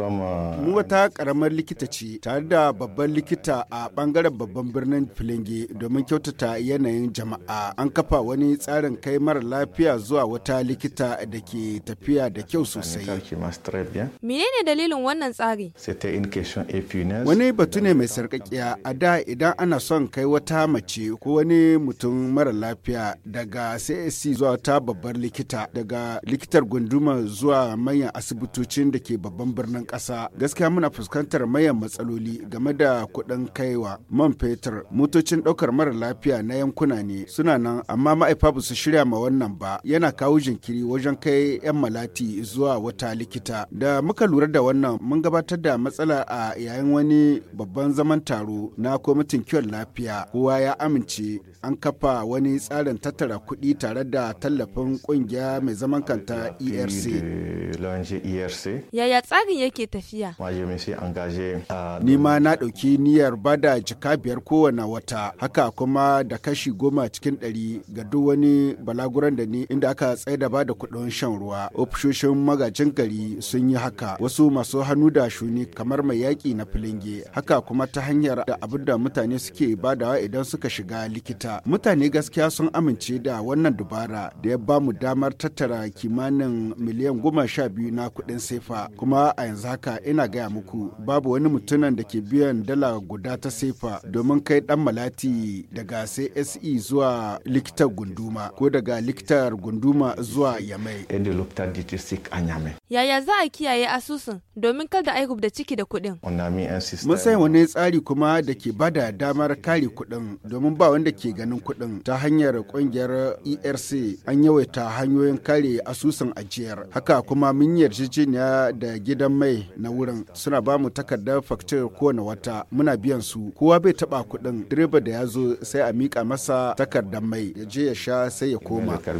mu wata karamar likita ce tare da babban likita a bangaren babban birnin filinge domin kyautata yanayin jama'a an kafa wani tsarin kai mara lafiya zuwa wata likita da ke tafiya da kyau sosai menene dalilin wannan tsari wani batu ne mai sarkakiya a da idan ana son kai wata mace ko wani mutum mara lafiya daga csc zuwa ta babbar likita daga likitar gunduma zuwa manyan asibitocin da ke babban birnin wannan ƙasa gaskiya muna fuskantar mayan matsaloli game da kuɗin kaiwa man fetur motocin ɗaukar mara lafiya na yankuna ne suna nan amma ma'aifa ba su shirya ma wannan ba yana kawo jinkiri wajen kai 'yan malati zuwa wata likita da muka lura da wannan mun gabatar da matsala a yayin wani babban zaman taro na kwamitin kiwon lafiya kowa ya amince an kafa wani tsarin tattara kuɗi tare da tallafin ƙungiya mai zaman kanta erc e yaya tsarin ya yake tafiya? Ni ma na ɗauki niyyar bada jika biyar kowane wata, haka kuma da kashi goma cikin ɗari ga duk wani balaguran da ni inda aka tsaida ba da kuɗin shan ruwa. Ofishoshin magajin gari sun yi haka, wasu masu hannu da shuni kamar mai yaƙi na filinge, haka kuma ta hanyar da abin da mutane suke badawa idan suka shiga likita. Mutane gaskiya sun amince da wannan dubara da ya bamu damar tattara kimanin miliyan goma sha biyu na kuɗin sefa, kuma a yanzu yanzu haka ina gaya muku babu wani mutumin da ke biyan dala guda ta sefa domin kai dan malati daga CSE zuwa likitar gunduma ko daga likitar gunduma zuwa Yamai. Yaya za a kiyaye asusun domin kada aikub da ciki da kuɗin? Mun wani tsari kuma da ke bada damar kare kuɗin domin ba wanda ke ganin kuɗin ta hanyar ƙungiyar ERC an yawaita hanyoyin kare asusun ajiyar. Haka kuma mun yarjejeniya da gidan mai rai na wurin suna ba mu takardar faktir kowane wata muna biyan su kowa bai taba kuɗin direba da ya zo sai a mika masa takardar mai ya je ya sha sai ya koma.